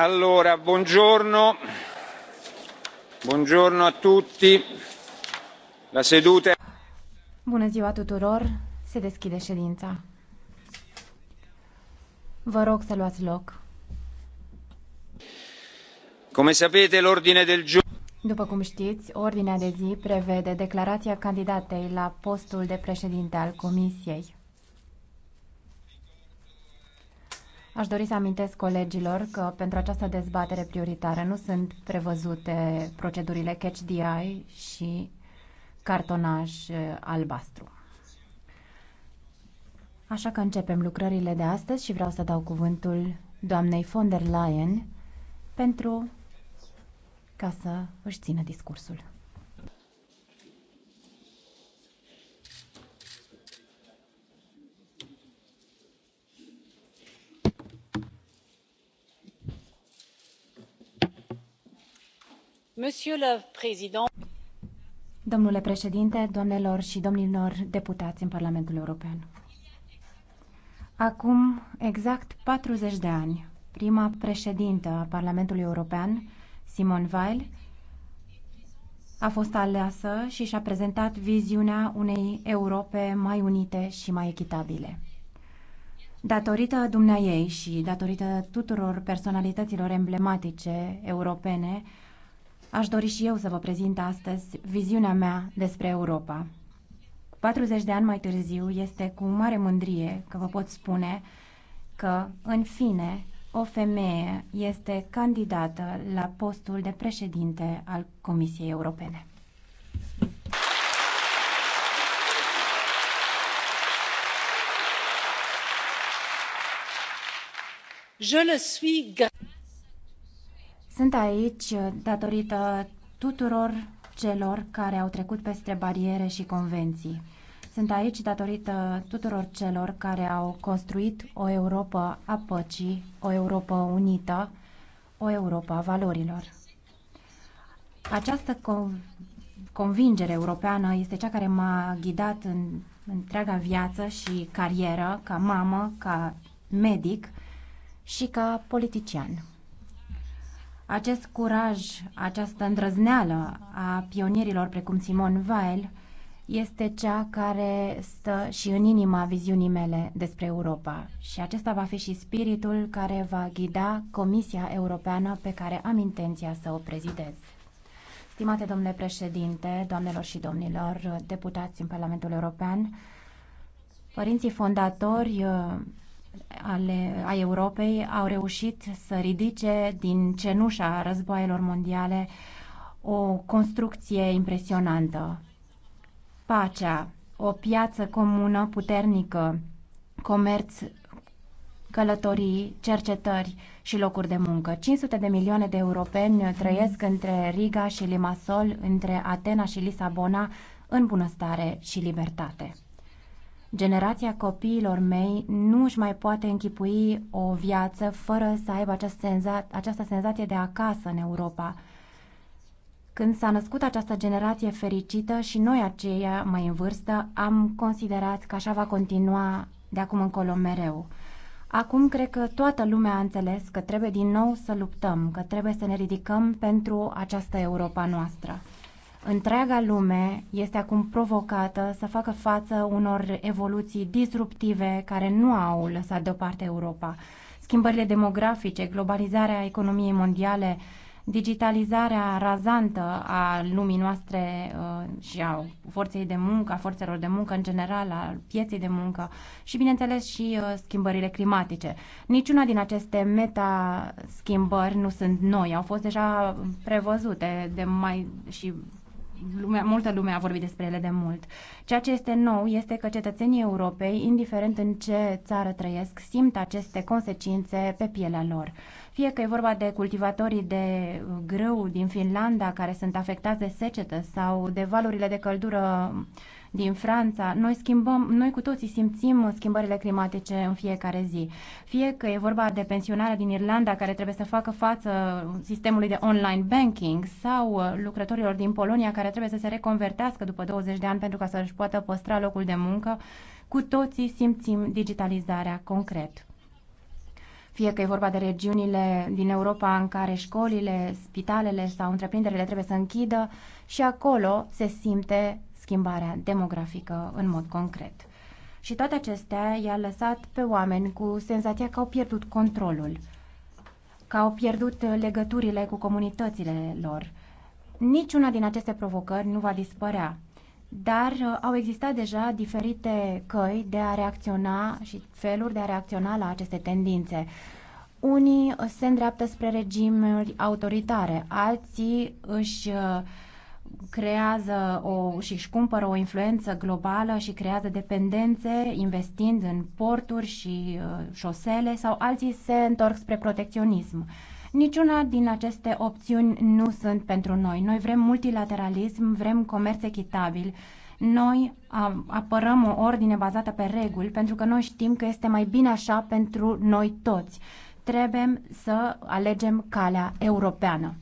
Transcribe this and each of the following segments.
allora buongiorno buongiorno a tutti la seduta bună ziua tuturor se deschide ședința vă rog să luați loc come sapete l'ordine del giorno după cum știți, ordinea de zi prevede declarația candidatei la postul de președinte al Comisiei. Aș dori să amintesc colegilor că pentru această dezbatere prioritară nu sunt prevăzute procedurile catch Di și cartonaj eh, albastru. Așa că începem lucrările de astăzi și vreau să dau cuvântul doamnei von der Leyen pentru ca să își țină discursul. Domnule președinte, doamnelor și domnilor deputați în Parlamentul European. Acum exact 40 de ani, prima președintă a Parlamentului European, Simone Veil, a fost aleasă și și-a prezentat viziunea unei Europe mai unite și mai echitabile. Datorită dumneaei și datorită tuturor personalităților emblematice europene, Aș dori și eu să vă prezint astăzi viziunea mea despre Europa. 40 de ani mai târziu este cu mare mândrie că vă pot spune că, în fine, o femeie este candidată la postul de președinte al Comisiei Europene. Je le suis sunt aici uh, datorită tuturor celor care au trecut peste bariere și convenții. Sunt aici datorită tuturor celor care au construit o Europa a păcii, o Europa unită, o Europa a valorilor. Această convingere europeană este cea care m-a ghidat în întreaga viață și carieră ca mamă, ca medic și ca politician. Acest curaj, această îndrăzneală a pionierilor precum Simon Weil este cea care stă și în inima viziunii mele despre Europa. Și acesta va fi și spiritul care va ghida Comisia Europeană pe care am intenția să o prezidez. Stimate domnule președinte, doamnelor și domnilor deputați în Parlamentul European, părinții fondatori ale, a Europei au reușit să ridice din cenușa războaielor mondiale o construcție impresionantă. Pacea, o piață comună puternică, comerț, călătorii, cercetări și locuri de muncă. 500 de milioane de europeni trăiesc între Riga și Limassol, între Atena și Lisabona, în bunăstare și libertate. Generația copiilor mei nu își mai poate închipui o viață fără să aibă această, senza- această senzație de acasă în Europa. Când s-a născut această generație fericită și noi aceia mai în vârstă am considerat că așa va continua de acum încolo mereu. Acum cred că toată lumea a înțeles că trebuie din nou să luptăm, că trebuie să ne ridicăm pentru această Europa noastră. Întreaga lume este acum provocată să facă față unor evoluții disruptive care nu au lăsat deoparte Europa. Schimbările demografice, globalizarea economiei mondiale, digitalizarea razantă a lumii noastre uh, și a forței de muncă, a forțelor de muncă în general, a pieței de muncă și, bineînțeles, și uh, schimbările climatice. Niciuna din aceste meta-schimbări nu sunt noi, au fost deja prevăzute de mai și lumea, multă lume a vorbit despre ele de mult. Ceea ce este nou este că cetățenii Europei, indiferent în ce țară trăiesc, simt aceste consecințe pe pielea lor. Fie că e vorba de cultivatorii de grâu din Finlanda care sunt afectați de secetă sau de valurile de căldură uh, din Franța, noi schimbăm, noi cu toții simțim schimbările climatice în fiecare zi. Fie că e vorba de pensionarea din Irlanda care trebuie să facă față sistemului de online banking sau uh, lucrătorilor din Polonia care trebuie să se reconvertească după 20 de ani pentru ca să își poată păstra locul de muncă, cu toții simțim digitalizarea concret fie că e vorba de regiunile din Europa în care școlile, spitalele sau întreprinderile trebuie să închidă și acolo se simte schimbarea demografică în mod concret. Și toate acestea i-a lăsat pe oameni cu senzația că au pierdut controlul, că au pierdut legăturile cu comunitățile lor. Niciuna din aceste provocări nu va dispărea, dar uh, au existat deja diferite căi de a reacționa și feluri de a reacționa la aceste tendințe. Unii se îndreaptă spre regimuri autoritare, alții își uh, creează o, și își cumpără o influență globală și creează dependențe investind în porturi și uh, șosele sau alții se întorc spre protecționism. Niciuna din aceste opțiuni nu sunt pentru noi. Noi vrem multilateralism, vrem comerț echitabil, noi apărăm o ordine bazată pe reguli pentru că noi știm că este mai bine așa pentru noi toți. Trebuie să alegem calea europeană.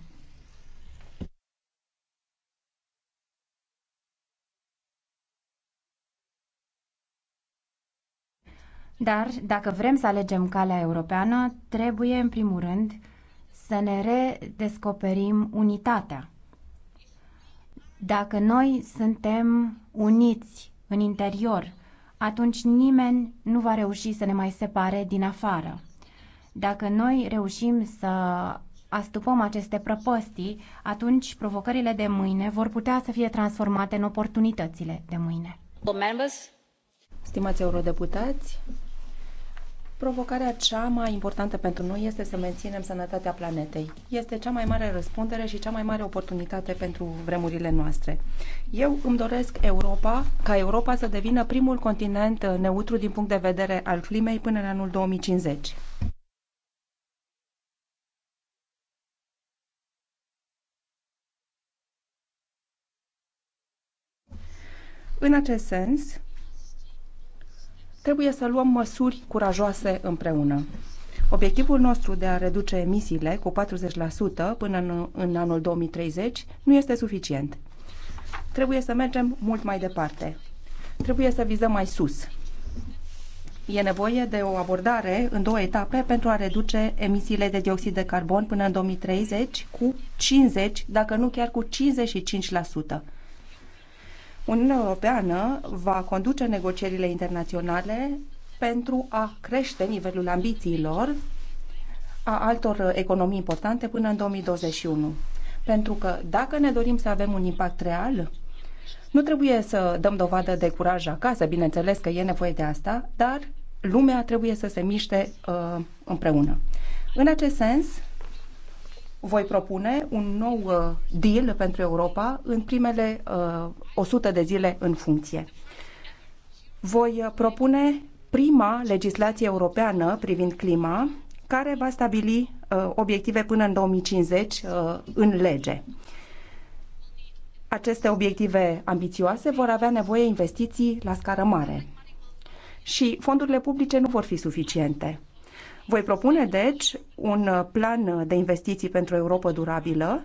Dar dacă vrem să alegem calea europeană, trebuie în primul rând să ne redescoperim unitatea. Dacă noi suntem uniți în interior, atunci nimeni nu va reuși să ne mai separe din afară. Dacă noi reușim să astupăm aceste prăpăstii, atunci provocările de mâine vor putea să fie transformate în oportunitățile de mâine. Stimați eurodeputați, Provocarea cea mai importantă pentru noi este să menținem sănătatea planetei. Este cea mai mare răspundere și cea mai mare oportunitate pentru vremurile noastre. Eu îmi doresc Europa, ca Europa să devină primul continent uh, neutru din punct de vedere al climei până în anul 2050. În acest sens, trebuie să luăm măsuri curajoase împreună. Obiectivul nostru de a reduce emisiile cu 40% până în, în anul 2030 nu este suficient. Trebuie să mergem mult mai departe. Trebuie să vizăm mai sus. E nevoie de o abordare în două etape pentru a reduce emisiile de dioxid de carbon până în 2030 cu 50, dacă nu chiar cu 55%. Uniunea Europeană va conduce negocierile internaționale pentru a crește nivelul ambițiilor a altor economii importante până în 2021. Pentru că dacă ne dorim să avem un impact real, nu trebuie să dăm dovadă de curaj acasă, bineînțeles că e nevoie de asta, dar lumea trebuie să se miște uh, împreună. În acest sens, voi propune un nou uh, deal pentru Europa în primele 100 uh, de zile în funcție. Voi uh, propune prima legislație europeană privind clima, care va stabili obiective până în 2050 în lege. Aceste obiective ambițioase vor avea nevoie investiții la scară mare și fondurile publice nu vor fi suficiente. Voi propune, deci, un uh, plan uh, de investiții pentru Europa durabilă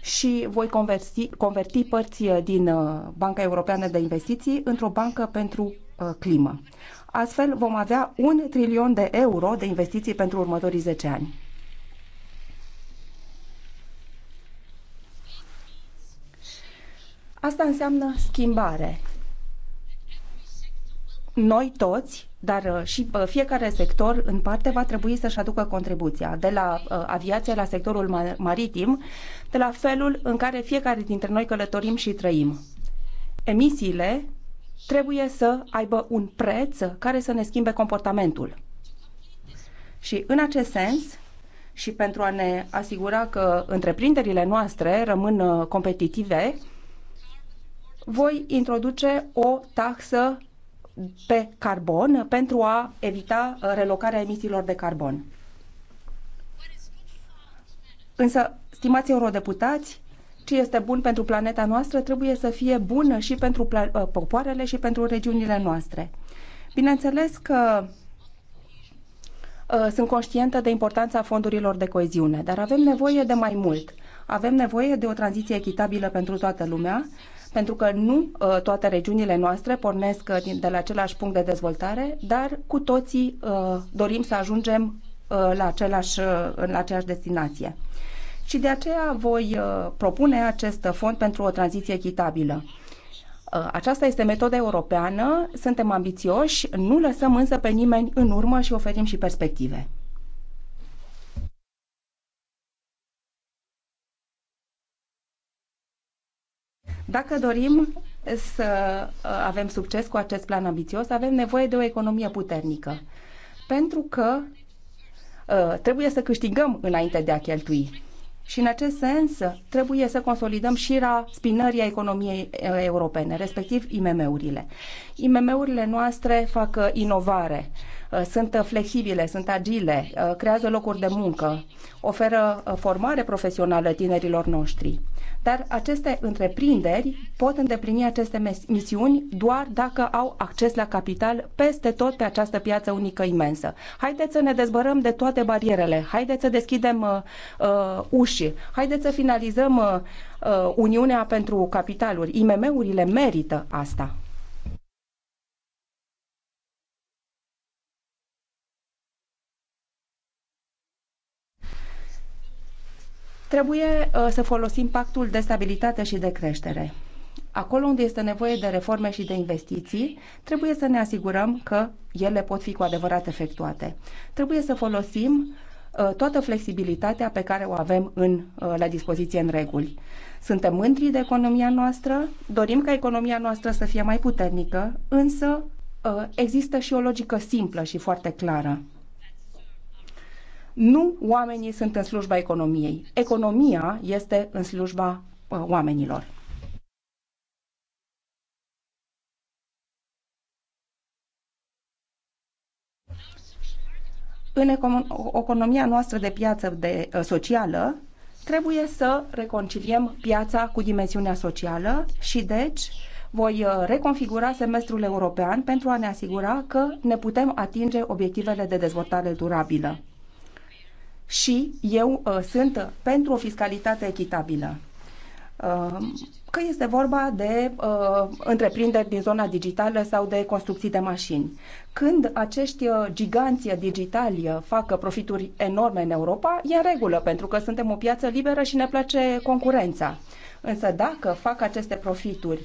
și voi converti, converti părți uh, din Banca Europeană de Investiții într-o bancă pentru climă. Astfel vom avea un trilion de euro de investiții pentru următorii 10 ani. Asta înseamnă schimbare. Noi toți dar uh, și uh, fiecare sector în parte va trebui să-și aducă contribuția, de la uh, aviație la sectorul maritim, de la felul în care fiecare dintre noi călătorim și trăim. Emisiile trebuie să aibă un preț care să ne schimbe comportamentul. Și în acest sens, și pentru a ne asigura că întreprinderile noastre rămân competitive, voi introduce o taxă pe carbon pentru a evita relocarea emisiilor de carbon. Însă, stimați eurodeputați, ce este bun pentru planeta noastră trebuie să fie bun și pentru uh, popoarele și pentru regiunile noastre. Bineînțeles că uh, sunt conștientă de importanța fondurilor de coeziune, dar avem nevoie de mai mult. Avem nevoie de o tranziție echitabilă pentru toată lumea pentru că nu uh, toate regiunile noastre pornesc uh, de la același punct de dezvoltare, dar cu toții uh, dorim să ajungem la, același, la aceeași destinație. Și de aceea voi propune acest fond pentru o tranziție echitabilă. Aceasta este metoda europeană, suntem ambițioși, nu lăsăm însă pe nimeni în urmă și oferim și perspective. Dacă dorim să uh, avem succes cu acest plan ambițios, avem nevoie de o economie puternică. Pentru că uh, trebuie să câștigăm înainte de a cheltui. Și în acest sens trebuie să consolidăm la spinării economiei uh, europene, respectiv IMM-urile. IMM-urile noastre fac inovare, sunt flexibile, sunt agile, creează locuri de muncă, oferă formare profesională tinerilor noștri. Dar aceste întreprinderi pot îndeplini aceste misiuni doar dacă au acces la capital peste tot pe această piață unică imensă. Haideți să ne dezbărăm de toate barierele, haideți să deschidem uh, uh uși, haideți să finalizăm uh, uh Uniunea pentru Capitaluri. IMM-urile merită asta. Trebuie uh, să folosim pactul de stabilitate și de creștere. Acolo unde este nevoie de reforme și de investiții, trebuie să ne asigurăm că ele pot fi cu adevărat efectuate. Trebuie să folosim uh, toată flexibilitatea pe care o avem în, uh, la dispoziție în reguli. Suntem mândri de economia noastră, dorim ca economia noastră să fie mai puternică, însă există și o logică simplă și foarte clară. Nu oamenii sunt în slujba economiei. Economia este în slujba uh, oamenilor. În economia noastră de piață de, uh, socială, trebuie să reconciliem piața cu dimensiunea socială și, deci, voi uh, reconfigura semestrul european pentru a ne asigura că ne putem atinge obiectivele de dezvoltare durabilă și eu uh, sunt pentru o fiscalitate echitabilă. Uh, că este vorba de uh, întreprinderi din zona digitală sau de construcții de mașini. Când acești uh, giganți digitali uh, fac profituri enorme în Europa, e în regulă, pentru că suntem o piață liberă și ne place concurența. Însă dacă fac aceste profituri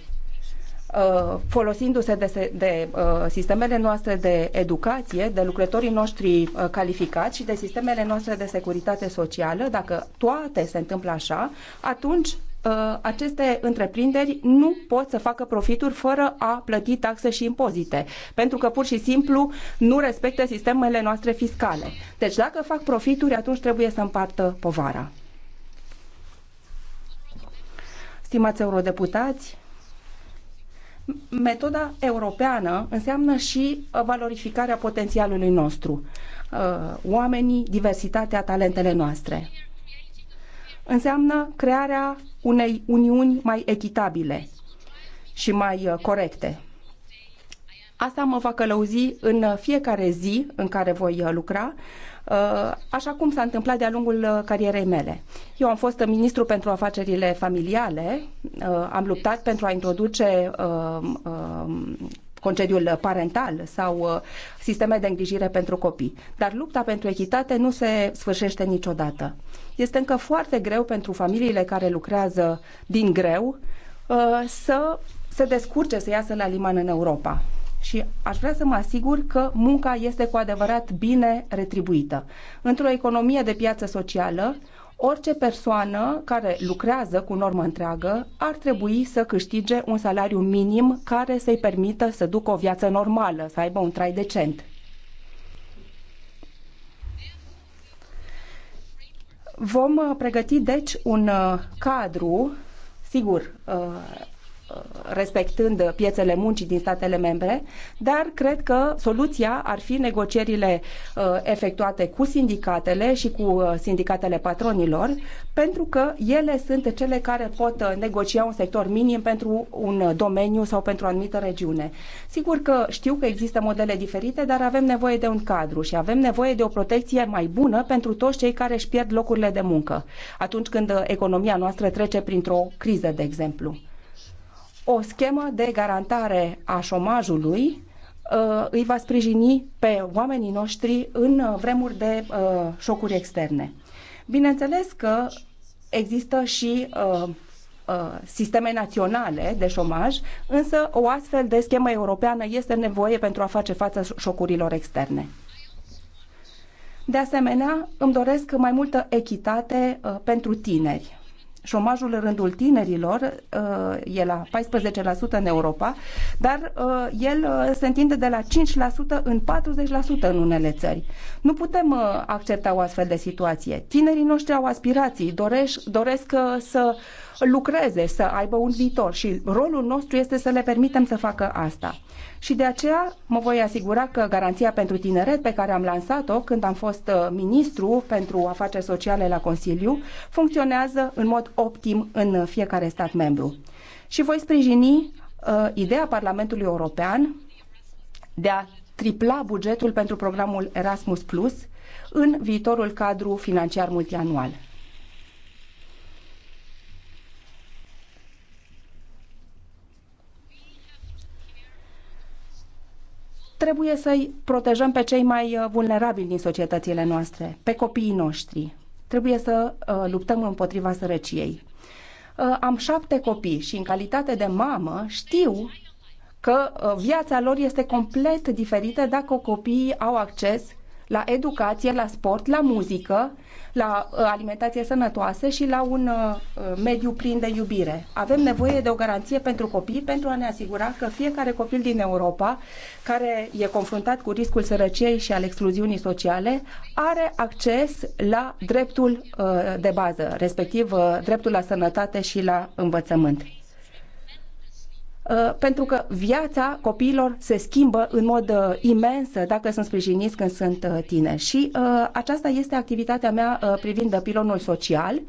Uh, folosindu-se de, de uh, sistemele noastre de educație, de lucrătorii noștri uh, calificați și de sistemele noastre de securitate socială, dacă toate se întâmplă așa, atunci aceste întreprinderi nu pot să facă profituri fără a plăti taxe și impozite, pentru că pur și simplu nu respectă sistemele noastre fiscale. Deci dacă fac profituri, atunci trebuie să împartă povara. Stimați eurodeputați, metoda europeană înseamnă și uh, valorificarea potențialului nostru, uh, oamenii, diversitatea, talentele noastre. Înseamnă crearea unei uniuni mai echitabile și mai uh, corecte. Asta mă va călăuzi în fiecare zi în care voi lucra Uh, așa cum s-a întâmplat de-a lungul uh, carierei mele. Eu am fost ministru pentru afacerile familiale, uh, am luptat pentru a introduce um, concediul parental sau sisteme de îngrijire pentru copii. Dar lupta pentru echitate nu se sfârșește niciodată. Este încă foarte greu pentru familiile care lucrează din greu să se descurce să iasă la liman în Europa și aș vrea să mă asigur că munca este cu adevărat bine retribuită. Într-o economie de piață socială, orice persoană care lucrează cu normă întreagă ar trebui să câștige un salariu minim care să-i permită să ducă o viață normală, să aibă un trai decent. Vom uh, pregăti, deci, un uh, cadru, sigur, uh, respectând piețele muncii din statele membre, dar cred că soluția ar fi negocierile uh, efectuate cu sindicatele și cu uh, sindicatele patronilor, pentru că ele sunt cele care pot uh, negocia un sector minim pentru un domeniu sau pentru o anumită regiune. Sigur că știu că există modele diferite, dar avem nevoie de un cadru și avem nevoie de o protecție mai bună pentru toți cei care își pierd locurile de muncă atunci când economia noastră trece printr-o criză, de exemplu o schemă de garantare a șomajului uh, îi va sprijini pe oamenii noștri în vremuri de uh, șocuri externe. Bineînțeles că există și uh, sisteme naționale de șomaj, însă o astfel de schemă europeană este nevoie pentru a face față șocurilor externe. De asemenea, îmi doresc mai multă echitate pentru tineri șomajul în rândul tinerilor uh, e la 14% în Europa, dar uh, el uh, se întinde de la 5% în 40% în unele țări. Nu putem accepta o astfel de situație. Tinerii noștri au aspirații, doresc, doresc să lucreze, să aibă un viitor și rolul nostru este să le permitem să facă asta și de aceea mă voi asigura că garanția pentru tineret pe care am lansat-o când am fost uh, ministru pentru afaceri sociale la Consiliu funcționează în mod optim în fiecare stat membru. Și voi sprijini uh, ideea Parlamentului European de a tripla bugetul pentru programul Erasmus Plus în viitorul cadru financiar multianual. trebuie să-i protejăm pe cei mai uh, vulnerabili din societățile noastre, pe copiii noștri. Trebuie să uh, luptăm împotriva sărăciei. Uh, am șapte copii și în calitate de mamă știu că viața lor este complet diferită dacă copiii au acces la educație, la sport, la muzică, la uh, alimentație sănătoasă și la un uh, mediu plin de iubire. Avem nevoie de o garanție pentru copii pentru a ne asigura că fiecare copil din Europa care e confruntat cu riscul sărăciei și al excluziunii sociale are acces la dreptul uh, de bază, respectiv dreptul la sănătate și la învățământ. Uh, pentru că viața copiilor se schimbă în mod uh, imens dacă sunt sprijiniți când sunt uh, tineri. Și aceasta este activitatea mea privind pilonul social.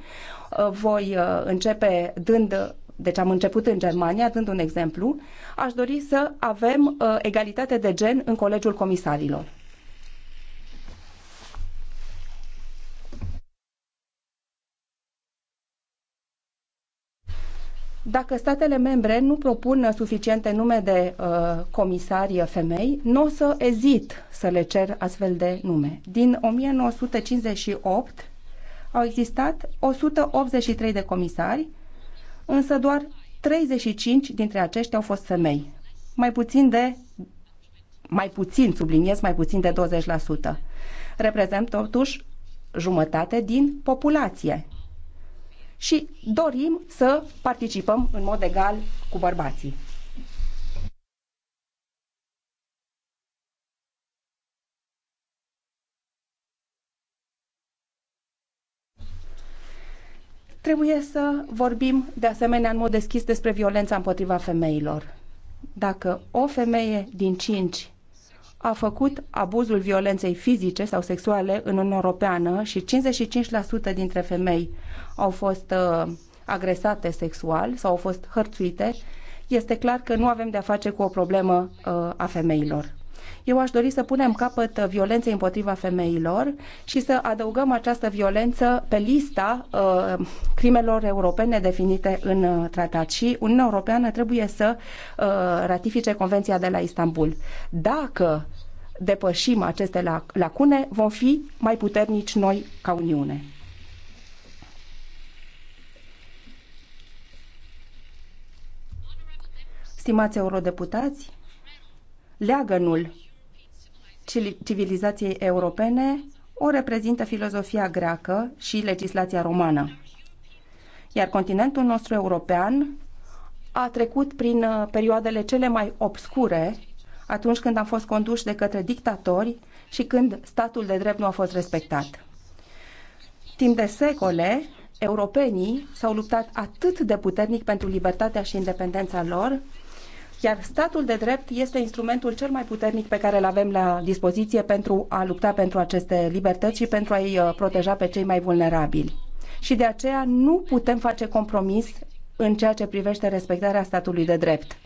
Voi începe dând deci am început în Germania, dând un exemplu, aș dori să avem egalitate de gen în Colegiul Comisarilor Dacă statele membre nu propun suficiente nume de uh, comisari femei, nu o să ezit să le cer astfel de nume. Din 1958 au existat 183 de comisari, însă doar 35 dintre aceștia au fost femei. Mai puțin de mai puțin, subliniez, mai puțin de 20%. Reprezintă totuși jumătate din populație și dorim să participăm în mod egal cu bărbații. Trebuie să vorbim de asemenea în mod deschis despre violența împotriva femeilor. Dacă o femeie din cinci a făcut abuzul violenței fizice sau sexuale în Uniunea Europeană și 55% dintre femei au fost uh, agresate sexual sau au fost hărțuite, este clar că nu avem de-a face cu o problemă uh, a femeilor. Eu aș dori să punem capăt violenței împotriva femeilor și să adăugăm această violență pe lista uh, crimelor europene definite în uh, tratat și Uniunea Europeană trebuie să uh, ratifice Convenția de la Istanbul. Dacă depășim aceste lacune, vom fi mai puternici noi ca Uniune. Stimați eurodeputați, leagănul civilizației europene o reprezintă filozofia greacă și legislația romană. Iar continentul nostru european a trecut prin uh, perioadele cele mai obscure atunci când am fost conduși de către dictatori și când statul de drept nu a fost respectat. Timp de secole, europenii s-au luptat atât de puternic pentru libertatea și independența lor, iar statul de drept este instrumentul cel mai puternic pe care îl avem la dispoziție pentru a lupta pentru aceste libertăți și pentru a-i uh, proteja pe cei mai vulnerabili. Și de aceea nu putem face compromis în ceea ce privește respectarea statului de drept.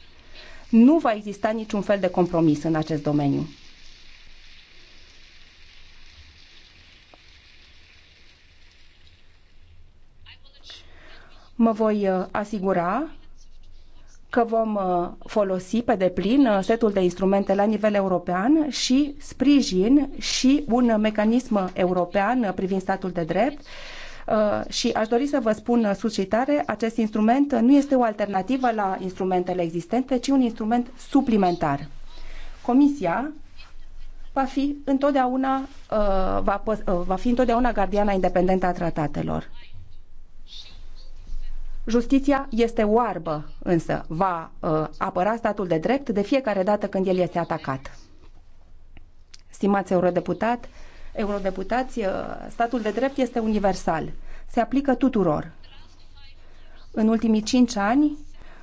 Nu va exista niciun fel de compromis în acest domeniu. Mă voi uh, asigura că vom uh, folosi pe deplin uh, setul de instrumente la nivel european și sprijin și un mecanism european privind statul de drept Uh, și aș dori să vă spun uh, tare, acest instrument uh, nu este o alternativă la instrumentele existente, ci un instrument suplimentar. Comisia va fi întotdeauna, va, va fi întotdeauna gardiana independentă a tratatelor. Justiția este oarbă, însă va uh, apăra statul de drept de fiecare dată când el este atacat. Stimați eurodeputat, eurodeputați, uh, statul de drept este universal. Se aplică tuturor. În ultimii cinci ani,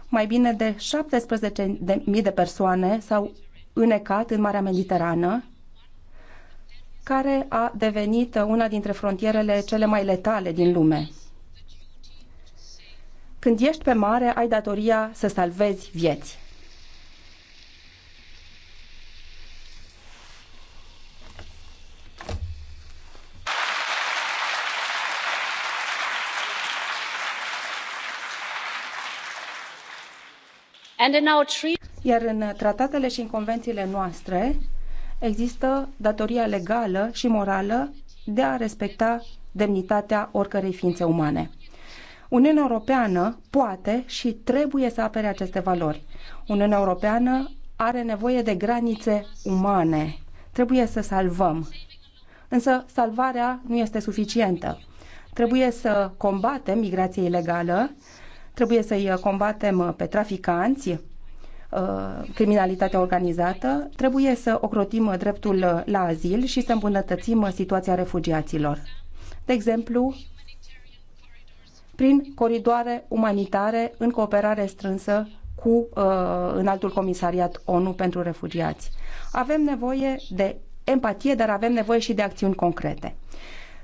mai bine de 17.000 de persoane s-au înecat în Marea Mediterană, care a devenit una dintre frontierele cele mai letale din lume. Când ești pe mare, ai datoria să salvezi vieți. Iar în tratatele și în convențiile noastre există datoria legală și morală de a respecta demnitatea oricărei ființe umane. Uniunea Europeană poate și trebuie să apere aceste valori. Uniunea Europeană are nevoie de granițe umane. Trebuie să salvăm. Însă salvarea nu este suficientă. Trebuie să combatem migrația ilegală Trebuie să-i uh, combatem uh, pe traficanți, uh, criminalitatea organizată, trebuie să ocrotim dreptul la azil și să îmbunătățim situația refugiaților. De exemplu, prin coridoare umanitare în cooperare strânsă cu înaltul comisariat ONU pentru refugiați. Avem nevoie de empatie, dar avem nevoie și de acțiuni concrete.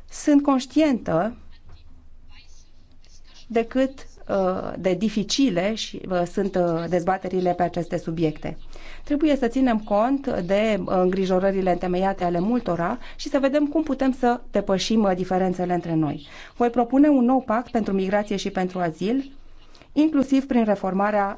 Sunt conștientă de cât Uh, de dificile și uh, sunt uh, dezbaterile pe aceste subiecte. Trebuie să ținem cont de îngrijorările întemeiate ale multora și să vedem cum putem să depășim diferențele între noi. Voi propune un nou pact pentru migrație și pentru azil, inclusiv prin reformarea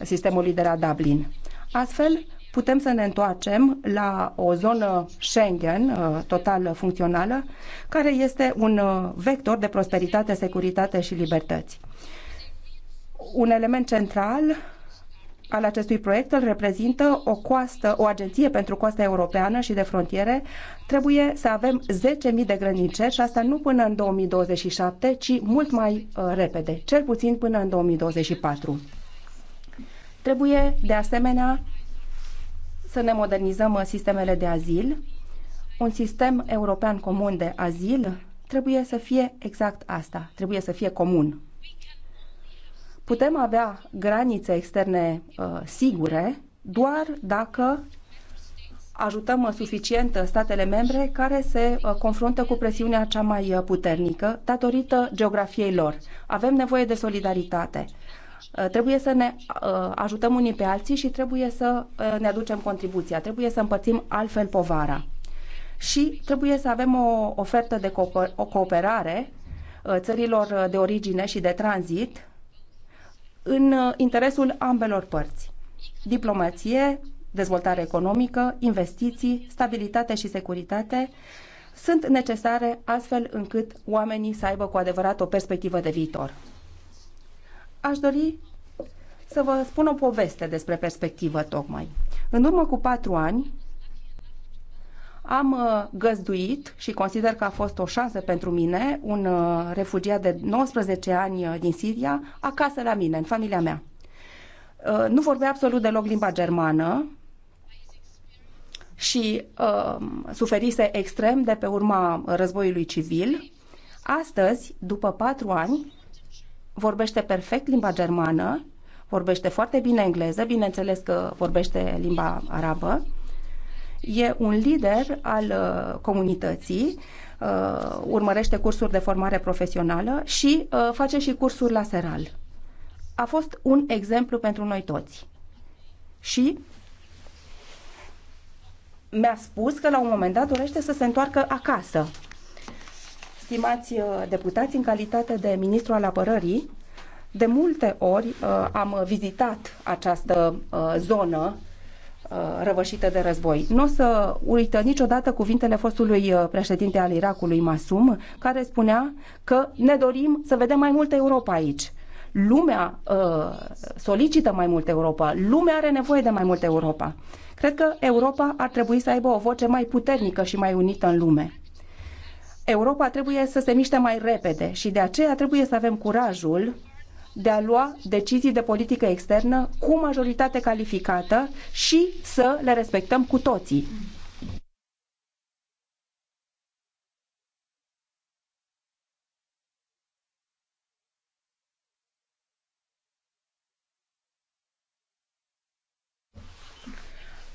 sistemului de la Dublin. Astfel, putem să ne întoarcem la o zonă Schengen uh, total funcțională, care este un uh, vector de prosperitate, securitate și libertăți. Un element central al acestui proiect îl reprezintă o coastă, o agenție pentru coasta europeană și de frontiere. Trebuie să avem 10.000 de grăniceri și asta nu până în 2027, ci mult mai uh, repede, cel puțin până în 2024. Trebuie, de asemenea, să ne modernizăm uh, sistemele de azil. Un sistem european comun de azil trebuie să fie exact asta, trebuie să fie comun. Putem avea granițe externe uh, sigure doar dacă ajutăm uh, suficient uh, statele membre care se confruntă cu presiunea cea mai puternică datorită geografiei lor. Avem nevoie de solidaritate. Uh, trebuie să ne uh, ajutăm unii pe alții și trebuie să uh, ne aducem contribuția, trebuie să împărțim altfel povara. Și trebuie să avem o ofertă de cooperare țărilor de origine și de tranzit în interesul ambelor părți. Diplomație, dezvoltare economică, investiții, stabilitate și securitate sunt necesare astfel încât oamenii să aibă cu adevărat o perspectivă de viitor aș dori să vă spun o poveste despre perspectivă tocmai. În urmă cu patru ani am uh, găzduit și consider că a fost o șansă pentru mine un uh, refugiat de 19 ani uh, din Siria acasă la mine, în familia mea. Nu vorbea absolut deloc limba germană, și uh, suferise extrem de pe urma războiului civil. Astăzi, după patru ani, vorbește perfect limba germană, vorbește foarte bine engleză, bineînțeles că vorbește limba arabă. E un lider al uh, comunității, uh, urmărește cursuri de formare profesională și uh, face și cursuri la seral. A fost un exemplu pentru noi toți. Și mi-a spus că la un moment dat dorește să se întoarcă acasă. Stimați uh, deputați, în calitate de ministru al apărării, de multe ori uh, am vizitat această uh, zonă uh, răvășită de război. Nu o să uită niciodată cuvintele fostului uh, președinte al Irakului, Masum, care spunea că ne dorim să vedem mai multă Europa aici. Lumea uh, solicită mai multă Europa, lumea are nevoie de mai multă Europa. Cred că Europa ar trebui să aibă o voce mai puternică și mai unită în lume Europa trebuie să se miște mai repede și de aceea trebuie să avem curajul de a lua decizii de politică externă cu majoritate calificată și să le respectăm cu toții.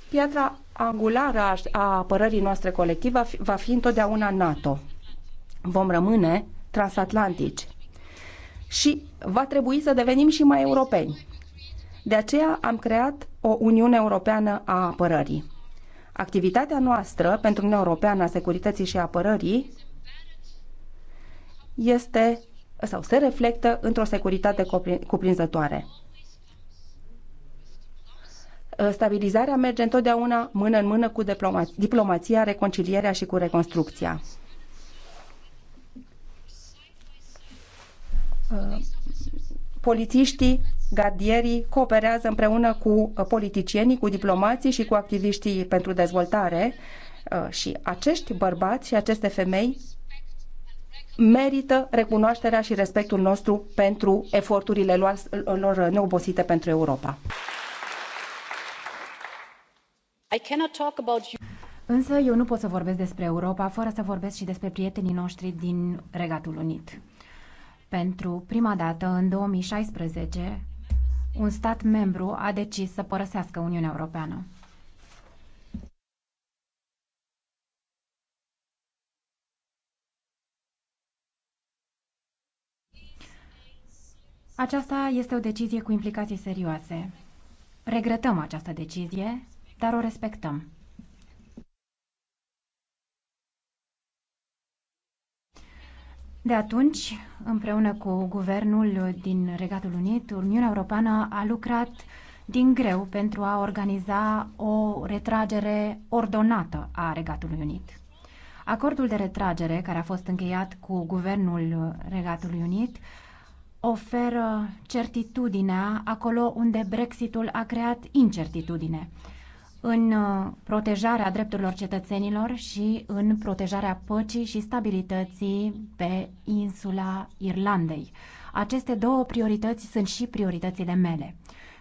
Piatra angulară a apărării noastre colective va fi întotdeauna NATO vom rămâne transatlantici și va trebui să devenim și mai europeni. De aceea am creat o Uniune Europeană a Apărării. Activitatea noastră pentru Uniunea Europeană a Securității și Apărării este sau se reflectă într-o securitate cuprinzătoare. Stabilizarea merge întotdeauna mână în mână cu diplomația, reconcilierea și cu reconstrucția. Uh, polițiștii, gardierii cooperează împreună cu uh, politicienii, cu diplomații și cu activiștii pentru dezvoltare uh, și acești bărbați și aceste femei merită recunoașterea și respectul nostru pentru eforturile lor neobosite pentru Europa. I cannot talk about you. Însă eu nu pot să vorbesc despre Europa fără să vorbesc și despre prietenii noștri din Regatul Unit. Pentru prima dată, în 2016, un stat membru a decis să părăsească Uniunea Europeană. Aceasta este o decizie cu implicații serioase. Regretăm această decizie, dar o respectăm. De atunci, împreună cu guvernul din Regatul Unit, Uniunea Europeană a lucrat din greu pentru a organiza o retragere ordonată a Regatului Unit. Acordul de retragere care a fost încheiat cu guvernul Regatului Unit oferă certitudinea acolo unde Brexitul a creat incertitudine în uh, protejarea drepturilor cetățenilor și în protejarea păcii și stabilității pe insula Irlandei. Aceste două priorități sunt și prioritățile mele.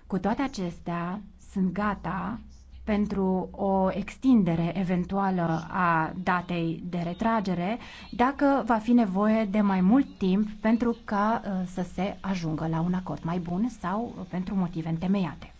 Cu toate acestea, sunt gata pentru o extindere eventuală a datei de retragere, dacă va fi nevoie de mai mult timp pentru ca uh, să se ajungă la un acord mai bun sau pentru motive întemeiate.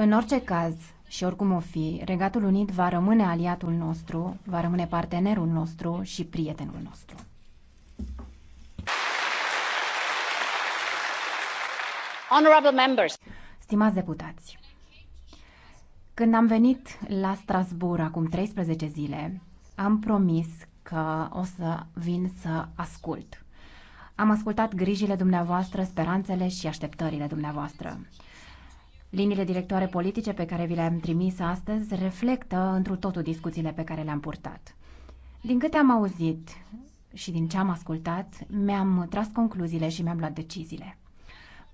În orice caz, și oricum o fi, Regatul Unit va rămâne aliatul nostru, va rămâne partenerul nostru și prietenul nostru. Honorable members. Stimați deputați, când am venit la Strasbourg acum 13 zile, am promis că o să vin să ascult. Am ascultat grijile dumneavoastră, speranțele și așteptările dumneavoastră. Liniile directoare politice pe care vi le-am trimis astăzi reflectă întru totul discuțiile pe care le-am purtat. Din câte am auzit și din ce am ascultat, mi-am tras concluziile și mi-am luat deciziile.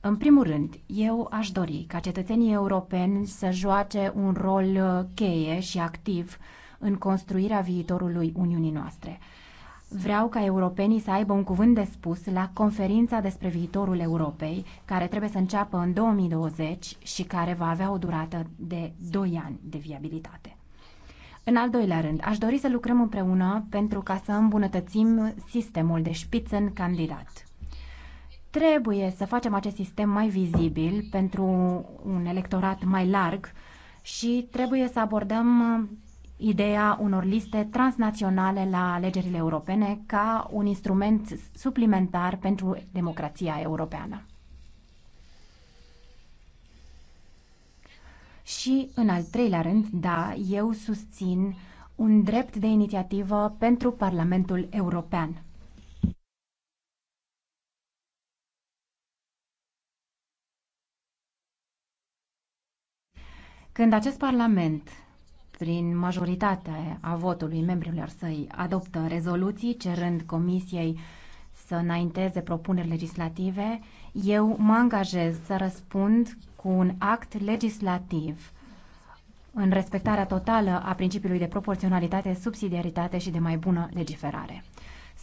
În primul rând, eu aș dori ca cetățenii europeni să joace un rol cheie și activ în construirea viitorului Uniunii noastre. Vreau ca europenii să aibă un cuvânt de spus la conferința despre viitorul Europei, care trebuie să înceapă în 2020 și care va avea o durată de 2 ani de viabilitate. În al doilea rând, aș dori să lucrăm împreună pentru ca să îmbunătățim sistemul de spitzen candidat. Trebuie să facem acest sistem mai vizibil pentru un electorat mai larg și trebuie să abordăm ideea unor liste transnaționale la alegerile europene ca un instrument suplimentar pentru democrația europeană. Și, în al treilea rând, da, eu susțin un drept de inițiativă pentru Parlamentul European. Când acest Parlament prin majoritate a votului membrilor săi, adoptă rezoluții cerând Comisiei să înainteze propuneri legislative, eu mă angajez să răspund cu un act legislativ în respectarea totală a principiului de proporționalitate, subsidiaritate și de mai bună legiferare.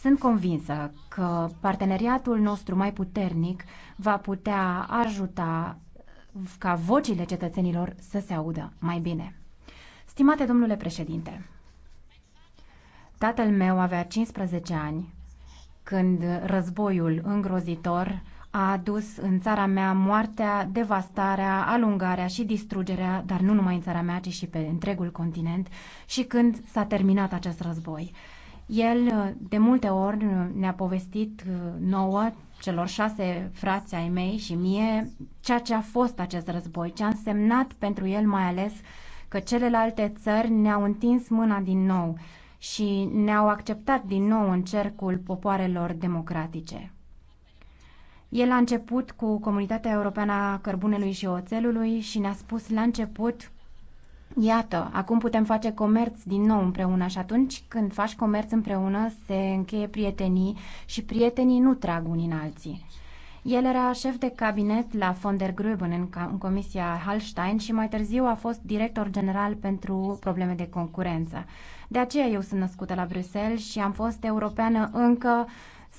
Sunt convinsă că parteneriatul nostru mai puternic va putea ajuta ca vocile cetățenilor să se audă mai bine. Stimate domnule președinte, tatăl meu avea 15 ani când războiul îngrozitor a adus în țara mea moartea, devastarea, alungarea și distrugerea, dar nu numai în țara mea, ci și pe întregul continent, și când s-a terminat acest război. El de multe ori ne-a povestit nouă, celor șase frați ai mei și mie, ceea ce a fost acest război, ce a însemnat pentru el mai ales uh, că celelalte țări ne-au întins mâna din nou și ne-au acceptat din nou în cercul popoarelor democratice. El a început cu Comunitatea Europeană a Cărbunelui și Oțelului și ne-a spus la început Iată, acum putem face comerț din nou împreună și atunci când faci comerț împreună se încheie prietenii și prietenii nu trag unii în alții. El era șef de cabinet la von der Gruben în, în Comisia Hallstein și mai târziu a fost director general pentru probleme de concurență. De aceea eu sunt născută la Bruxelles și am fost europeană încă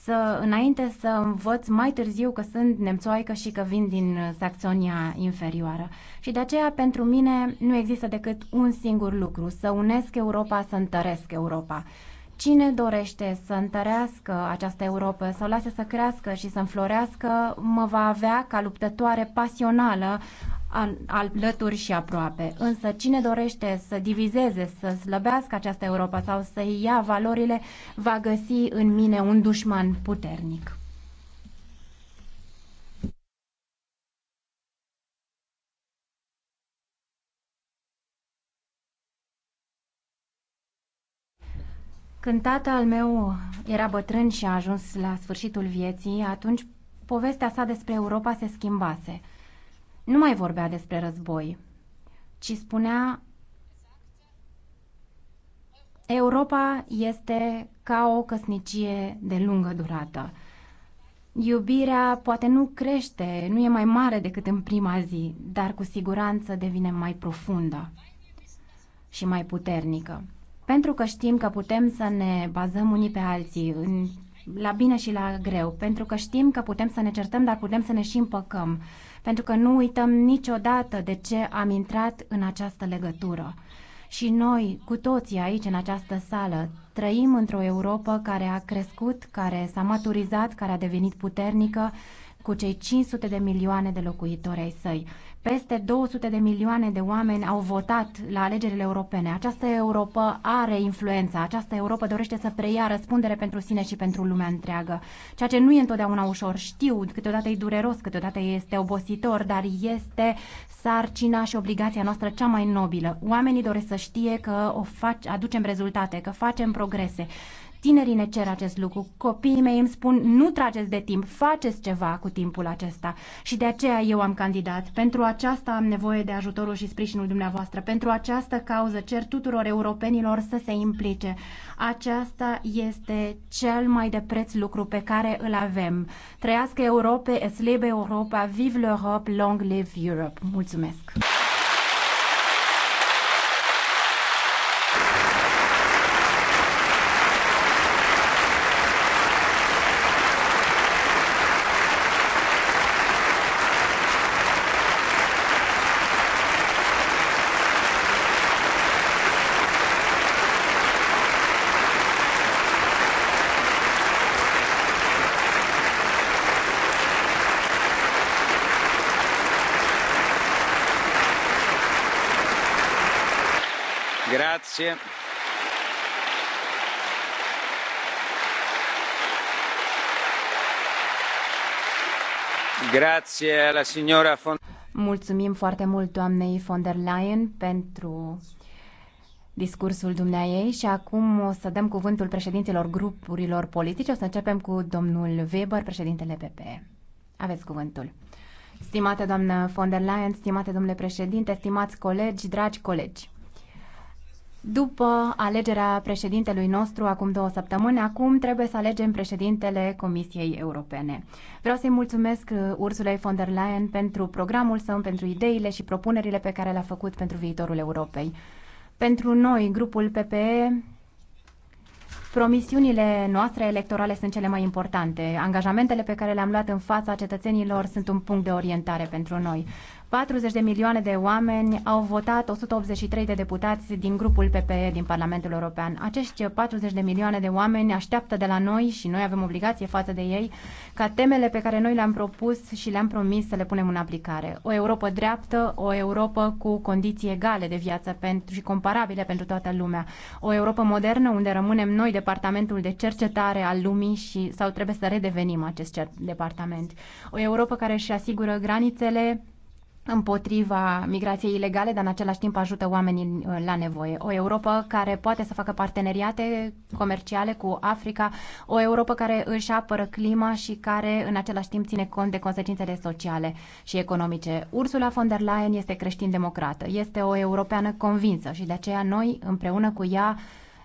să, înainte să învăț mai târziu că sunt nemțoaică și că vin din Saxonia inferioară. Și de aceea, pentru mine, nu există decât un singur lucru, să unesc Europa, să întăresc Europa. Cine dorește să întărească această Europa, să o lase să crească și să înflorească, mă va avea ca luptătoare pasională alături și aproape. Însă cine dorește să divizeze, să slăbească această Europa sau să ia valorile, va găsi în mine un dușman puternic. Când tata al meu era bătrân și a ajuns la sfârșitul vieții, atunci povestea sa despre Europa se schimbase. Nu mai vorbea despre război, ci spunea Europa este ca o căsnicie de lungă durată. Iubirea poate nu crește, nu e mai mare decât în prima zi, dar cu siguranță devine mai profundă și mai puternică pentru că știm că putem să ne bazăm unii pe alții, în, la bine și la greu, pentru că știm că putem să ne certăm, dar putem să ne și împăcăm, pentru că nu uităm niciodată de ce am intrat în această legătură. Și noi, cu toții aici, în această sală, trăim într-o Europa care a crescut, care s-a maturizat, care a devenit puternică, cu cei 500 de milioane de locuitori ai săi. Peste 200 de milioane de oameni au votat la alegerile europene. Această Europa are influența, această Europa dorește să preia răspundere pentru sine și pentru lumea întreagă. Ceea ce nu e întotdeauna ușor, știu, câteodată e dureros, câteodată este obositor, dar este sarcina și obligația noastră cea mai nobilă. Oamenii doresc să știe că o fac, aducem rezultate, că facem progrese Tinerii ne cer acest lucru. Copiii mei îmi spun, nu trageți de timp, faceți ceva cu timpul acesta. Și de aceea eu am candidat. Pentru aceasta am nevoie de ajutorul și sprijinul dumneavoastră. Pentru această cauză cer tuturor europenilor să se implice. Aceasta este cel mai de preț lucru pe care îl avem. Trăiască Europe, es lebe Europa, vive l'Europe, long live Europe. Mulțumesc! signora von... Mulțumim foarte mult doamnei von der Leyen pentru discursul dumneaei și acum o să dăm cuvântul președinților grupurilor politice. O să începem cu domnul Weber, președintele PPE. Aveți cuvântul. Stimată doamnă von der Leyen, stimate domnule președinte, stimați colegi, dragi colegi. După alegerea președintelui nostru acum două săptămâni, acum trebuie să alegem președintele Comisiei Europene. Vreau să-i mulțumesc uh, Ursulei von der Leyen pentru programul său, pentru ideile și propunerile pe care le-a făcut pentru viitorul Europei. Pentru noi, grupul PPE, promisiunile noastre electorale sunt cele mai importante. Angajamentele pe care le-am luat în fața cetățenilor sunt un punct de orientare pentru noi. 40 de milioane de oameni au votat 183 de deputați din grupul PPE din Parlamentul European. Acești 40 de milioane de oameni așteaptă de la noi și noi avem obligație față de ei ca temele pe care noi le-am propus și le-am promis să le punem în aplicare. O Europa dreaptă, o Europa cu condiții egale de viață pentru și comparabile pentru toată lumea. O Europa modernă unde rămânem noi departamentul de cercetare al lumii și sau trebuie să redevenim acest departament. O Europa care își asigură granițele împotriva migrației ilegale, dar în același timp ajută oamenii uh, la nevoie. O Europa care poate să facă parteneriate comerciale cu Africa, o Europa care își apără clima și care în același timp ține cont de consecințele sociale și economice. Ursula von der Leyen este creștin-democrată, este o europeană convinsă și de aceea noi, împreună cu ea,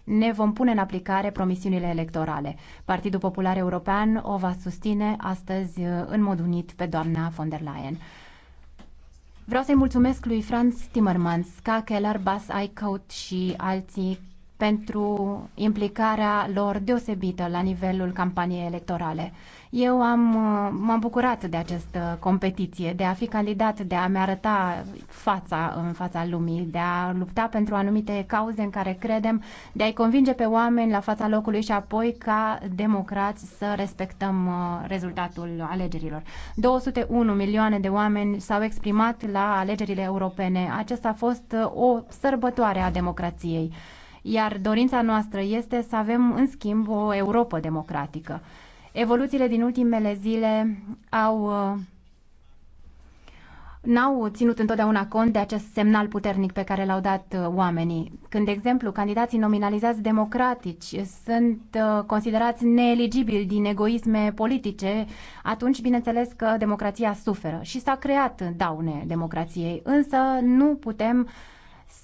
ne vom pune în aplicare promisiunile electorale. Partidul Popular European o va susține astăzi uh, în mod unit pe doamna von der Leyen. Vreau să-i mulțumesc lui Franz Timmermans, ca Keller, Bass Eichhout și alții pentru implicarea lor deosebită la nivelul campaniei electorale. Eu am, uh, m-am bucurat de această competiție, de a fi candidat, de a-mi arăta fața în fața lumii, de a lupta pentru anumite cauze în care credem, de a-i convinge pe oameni la fața locului și apoi ca democrați să respectăm uh, rezultatul alegerilor. 201 milioane de oameni s-au exprimat la alegerile europene. Aceasta a fost uh, o sărbătoare a democrației. Iar dorința noastră este să avem, în schimb, o Europa democratică. Evoluțiile din ultimele zile au uh, n-au ținut întotdeauna cont de acest semnal puternic pe care l-au dat uh, oamenii. Când, de exemplu, candidații nominalizați democratici sunt uh, considerați neeligibili din egoisme politice, atunci, bineînțeles că democrația suferă și s-a creat daune democrației. Însă nu putem uh,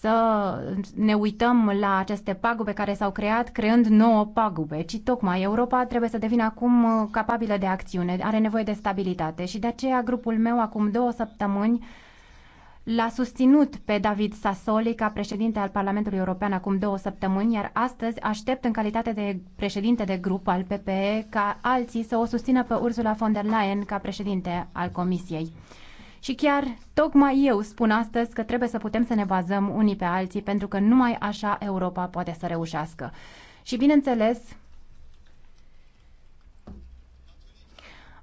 să ne uităm la aceste pagube care s-au creat creând nouă pagube, ci tocmai Europa trebuie să devină acum uh, capabilă de acțiune, are nevoie de stabilitate și de aceea grupul meu acum două săptămâni L-a susținut pe David Sassoli ca președinte al Parlamentului European acum două săptămâni, iar astăzi aștept în calitate de președinte de grup al PPE ca alții să o susțină pe Ursula von der Leyen ca președinte al Comisiei. Și chiar tocmai eu spun astăzi că trebuie să putem să ne bazăm unii pe alții, pentru că numai așa Europa poate să reușească. Și bineînțeles,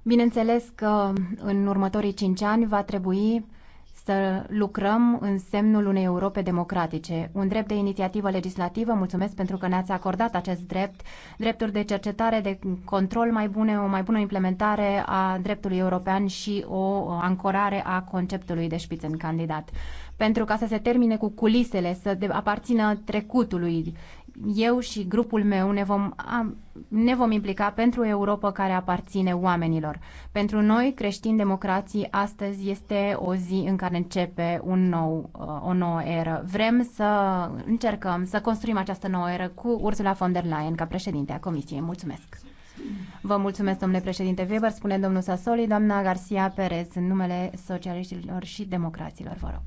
bineînțeles că în următorii cinci ani va trebui să lucrăm în semnul unei Europe democratice. Un drept de inițiativă legislativă, mulțumesc pentru că ne-ați acordat acest drept, drepturi de cercetare, de control mai bune, o mai bună implementare a dreptului european și o ancorare a conceptului de în candidat. Pentru ca să se termine cu culisele, să aparțină trecutului eu și grupul meu ne vom, ne vom implica pentru o Europa care aparține oamenilor. Pentru noi, creștini democrații, astăzi este o zi în care începe un nou, uh, o nouă eră. Vrem să încercăm să construim această nouă eră cu Ursula von der Leyen ca președinte a Comisiei. Mulțumesc! Vă mulțumesc, domnule președinte Weber, spune domnul Sassoli, doamna Garcia Perez, în numele socialiștilor și democraților, vă rog.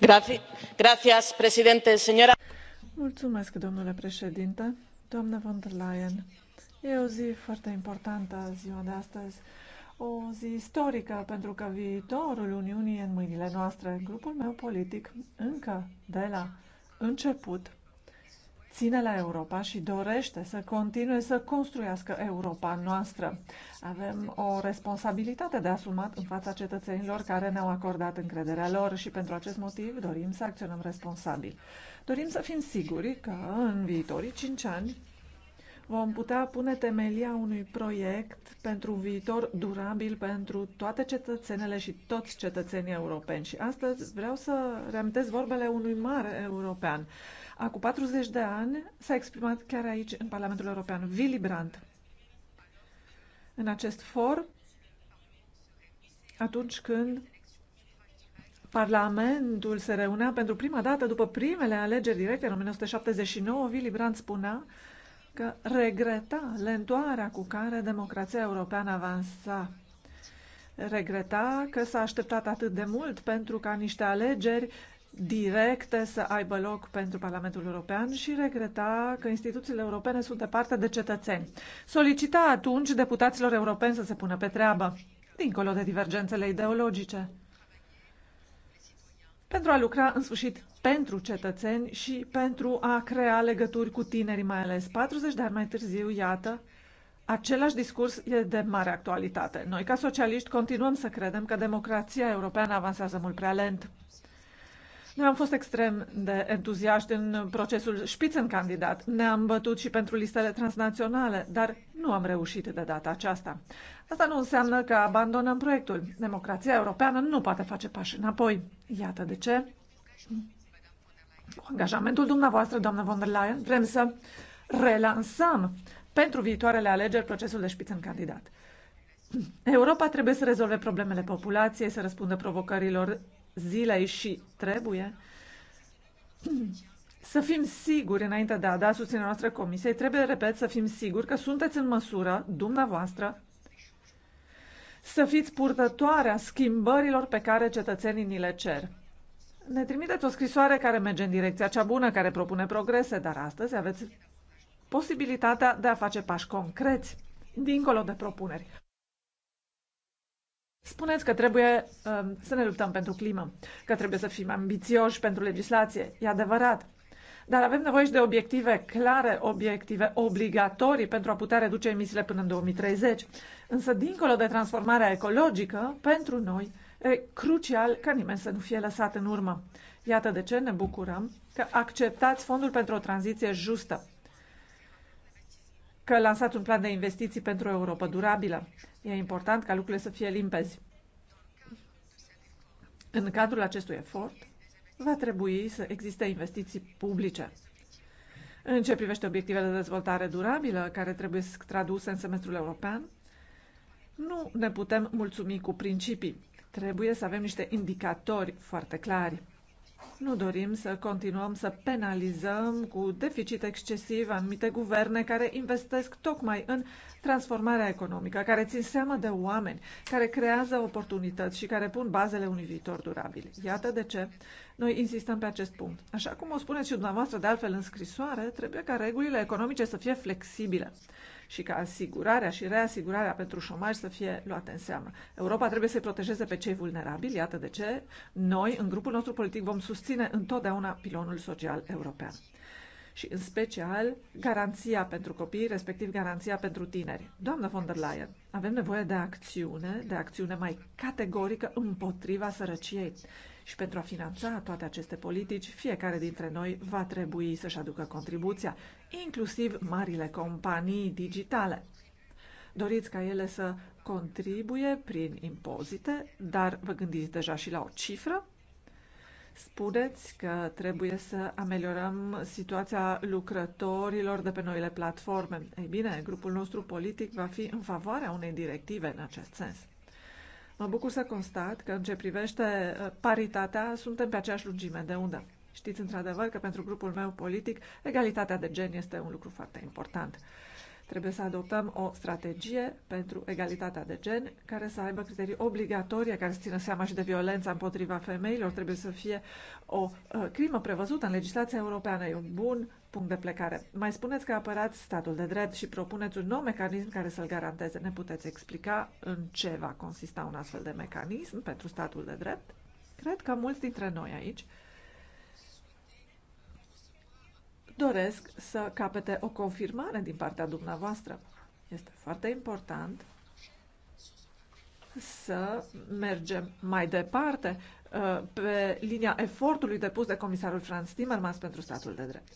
Grazie, grazie, președinte. señora. Mulțumesc, domnule președinte. Doamnă von der Leyen, e o zi foarte importantă ziua de astăzi, o zi istorică pentru că viitorul Uniunii e în mâinile noastre. Grupul meu politic încă de la început ține la Europa și dorește să continue să construiască Europa noastră. Avem o responsabilitate de asumat în fața cetățenilor care ne-au acordat încrederea lor și pentru acest motiv dorim să acționăm responsabil. Dorim să fim siguri că în viitorii cinci ani vom putea pune temelia unui proiect pentru un viitor durabil pentru toate cetățenele și toți cetățenii europeni. Și astăzi vreau să reamintesc vorbele unui mare european Acum 40 de ani s-a exprimat chiar aici, în Parlamentul European, Willy Brandt. În acest for, atunci când Parlamentul se reunea pentru prima dată după primele alegeri directe în 1979, Willy Brandt spunea că regreta lentoarea cu care democrația europeană avansa. Regreta că s-a așteptat atât de mult pentru ca niște alegeri directe să aibă loc pentru Parlamentul European și regreta că instituțiile europene sunt departe de cetățeni. Solicita atunci deputaților europeni să se pună pe treabă, dincolo de divergențele ideologice, pentru a lucra în sfârșit pentru cetățeni și pentru a crea legături cu tinerii, mai ales 40 de ani mai târziu, iată, Același discurs e de mare actualitate. Noi, ca socialiști, continuăm să credem că democrația europeană avansează mult prea lent. Am fost extrem de entuziaști în procesul Spitzenkandidat. Ne-am bătut și pentru listele transnaționale, dar nu am reușit de data aceasta. Asta nu înseamnă că abandonăm proiectul. Democrația europeană nu poate face pași înapoi. Iată de ce. Cu angajamentul dumneavoastră, doamnă von der Leyen, vrem să relansăm pentru viitoarele alegeri procesul de Spitzenkandidat. candidat. Europa trebuie să rezolve problemele populației, să răspundă provocărilor zilei și trebuie să fim siguri înainte de a da susținerea noastră comisiei, trebuie, repet, să fim siguri că sunteți în măsură, dumneavoastră, să fiți purtătoarea schimbărilor pe care cetățenii ni le cer. Ne trimiteți o scrisoare care merge în direcția cea bună, care propune progrese, dar astăzi aveți posibilitatea de a face pași concreți, dincolo de propuneri. Spuneți că trebuie uh, să ne luptăm pentru climă, că trebuie să fim ambițioși pentru legislație. E adevărat. Dar avem nevoie și de obiective clare, obiective obligatorii pentru a putea reduce emisiile până în 2030. Însă, dincolo de transformarea ecologică, pentru noi e crucial ca nimeni să nu fie lăsat în urmă. Iată de ce ne bucurăm că acceptați Fondul pentru o tranziție justă că lansat un plan de investiții pentru o Europa durabilă. E important ca lucrurile să fie limpezi. În cadrul acestui efort, va trebui să existe investiții publice. În ce privește obiectivele de dezvoltare durabilă, care trebuie să traduse în semestrul european, nu ne putem mulțumi cu principii. Trebuie să avem niște indicatori foarte clari. Nu dorim să continuăm să penalizăm cu deficit excesiv anumite guverne care investesc tocmai în transformarea economică, care țin seama de oameni, care creează oportunități și care pun bazele unui viitor durabil. Iată de ce noi insistăm pe acest punct. Așa cum o spuneți și dumneavoastră de altfel în scrisoare, trebuie ca regulile economice să fie flexibile și ca asigurarea și reasigurarea pentru șomaj să fie luate în seamă. Europa trebuie să-i protejeze pe cei vulnerabili, iată de ce noi, în grupul nostru politic, vom susține întotdeauna pilonul social european și în special garanția pentru copii, respectiv garanția pentru tineri. Doamnă von der Leyen, avem nevoie de acțiune, de acțiune mai categorică împotriva sărăciei. Și pentru a finanța toate aceste politici, fiecare dintre noi va trebui să-și aducă contribuția, inclusiv marile companii digitale. Doriți ca ele să contribuie prin impozite, dar vă gândiți deja și la o cifră? Spuneți că trebuie să ameliorăm situația lucrătorilor de pe noile platforme. Ei bine, grupul nostru politic va fi în favoarea unei directive în acest sens. Mă bucur să constat că în ce privește uh, paritatea suntem pe aceeași lungime de undă. Știți într-adevăr că pentru grupul meu politic egalitatea de gen este un lucru foarte important. Trebuie să adoptăm o strategie pentru egalitatea de gen care să aibă criterii obligatorie, care să țină seama și de violența împotriva femeilor. Trebuie să fie o uh, crimă prevăzută în legislația europeană. E un bun punct de plecare. Mai spuneți că apărați statul de drept și propuneți un nou mecanism care să-l garanteze. Ne puteți explica în ce va consista un astfel de mecanism pentru statul de drept? Cred că mulți dintre noi aici doresc să capete o confirmare din partea dumneavoastră. Este foarte important să mergem mai departe uh, pe linia efortului depus de comisarul Franz Timmermans pentru statul de drept.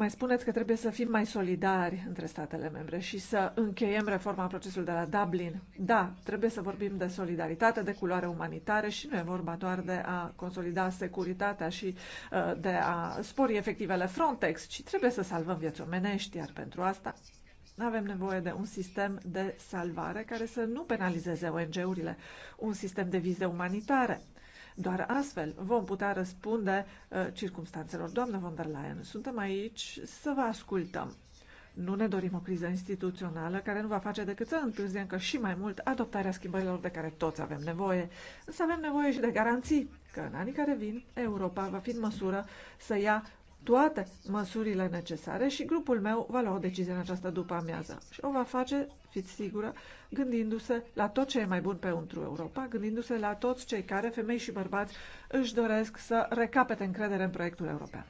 Mai spuneți că trebuie să fim mai solidari între statele membre și să încheiem reforma procesului de la Dublin. Da, trebuie să vorbim de solidaritate, de culoare umanitare și nu e vorba doar de a consolida securitatea și uh, de a spori efectivele Frontex, ci trebuie să salvăm vieți omenești, iar pentru asta avem nevoie de un sistem de salvare care să nu penalizeze ONG-urile, un sistem de vize umanitare doar astfel vom putea răspunde uh, circumstanțelor. Doamnă von der Leyen, suntem aici să vă ascultăm. Nu ne dorim o criză instituțională care nu va face decât să întârzie încă și mai mult adoptarea schimbărilor de care toți avem nevoie. Însă avem nevoie și de garanții că în anii care vin Europa va fi în măsură să ia toate măsurile necesare și grupul meu va lua o decizie în această după-amiază. Și o va face, fiți sigură, gândindu-se la tot ce e mai bun pentru Europa, gândindu-se la toți cei care, femei și bărbați, își doresc să recapete încredere în proiectul european.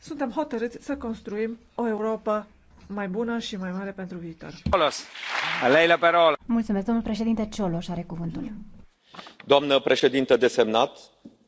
Suntem hotărâți să construim o Europa mai bună și mai mare pentru viitor. Alei la parola. Mulțumesc, domnul președinte Cioloș are cuvântul. Doamnă președinte desemnat,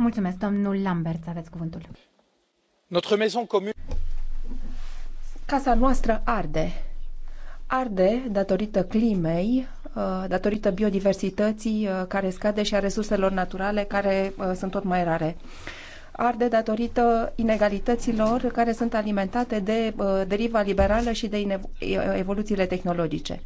Mulțumesc, domnul Lambert, aveți cuvântul. Notre maison commune. Casa noastră arde. Arde datorită climei, uh, datorită biodiversității uh, care scade și a resurselor naturale care uh, sunt tot mai rare arde datorită inegalităților care sunt alimentate de deriva liberală și de evoluțiile tehnologice.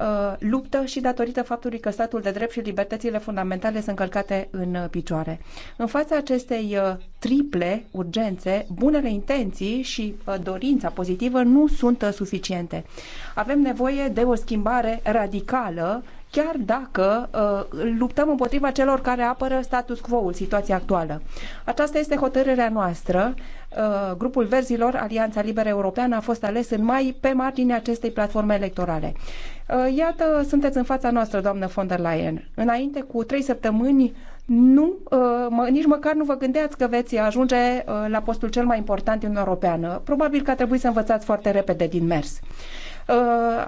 Uh, luptă și datorită faptului că statul de drept și libertățile fundamentale sunt călcate în uh, picioare. În fața acestei uh, triple urgențe, bunele intenții și dorința pozitivă nu sunt suficiente. Avem nevoie de o schimbare radicală chiar dacă uh, luptăm împotriva celor care apără status quo-ul, situația actuală. Aceasta este hotărârea noastră. Uh, grupul Verzilor, Alianța Liberă Europeană, a fost ales în mai pe marginea acestei platforme electorale. Uh, iată, sunteți în fața noastră, doamnă von der Leyen. Înainte cu trei săptămâni, nu, nici măcar nu vă gândeați că veți ajunge la postul cel mai important în Europeană. Probabil că a trebuit să învățați foarte repede din mers. Uh,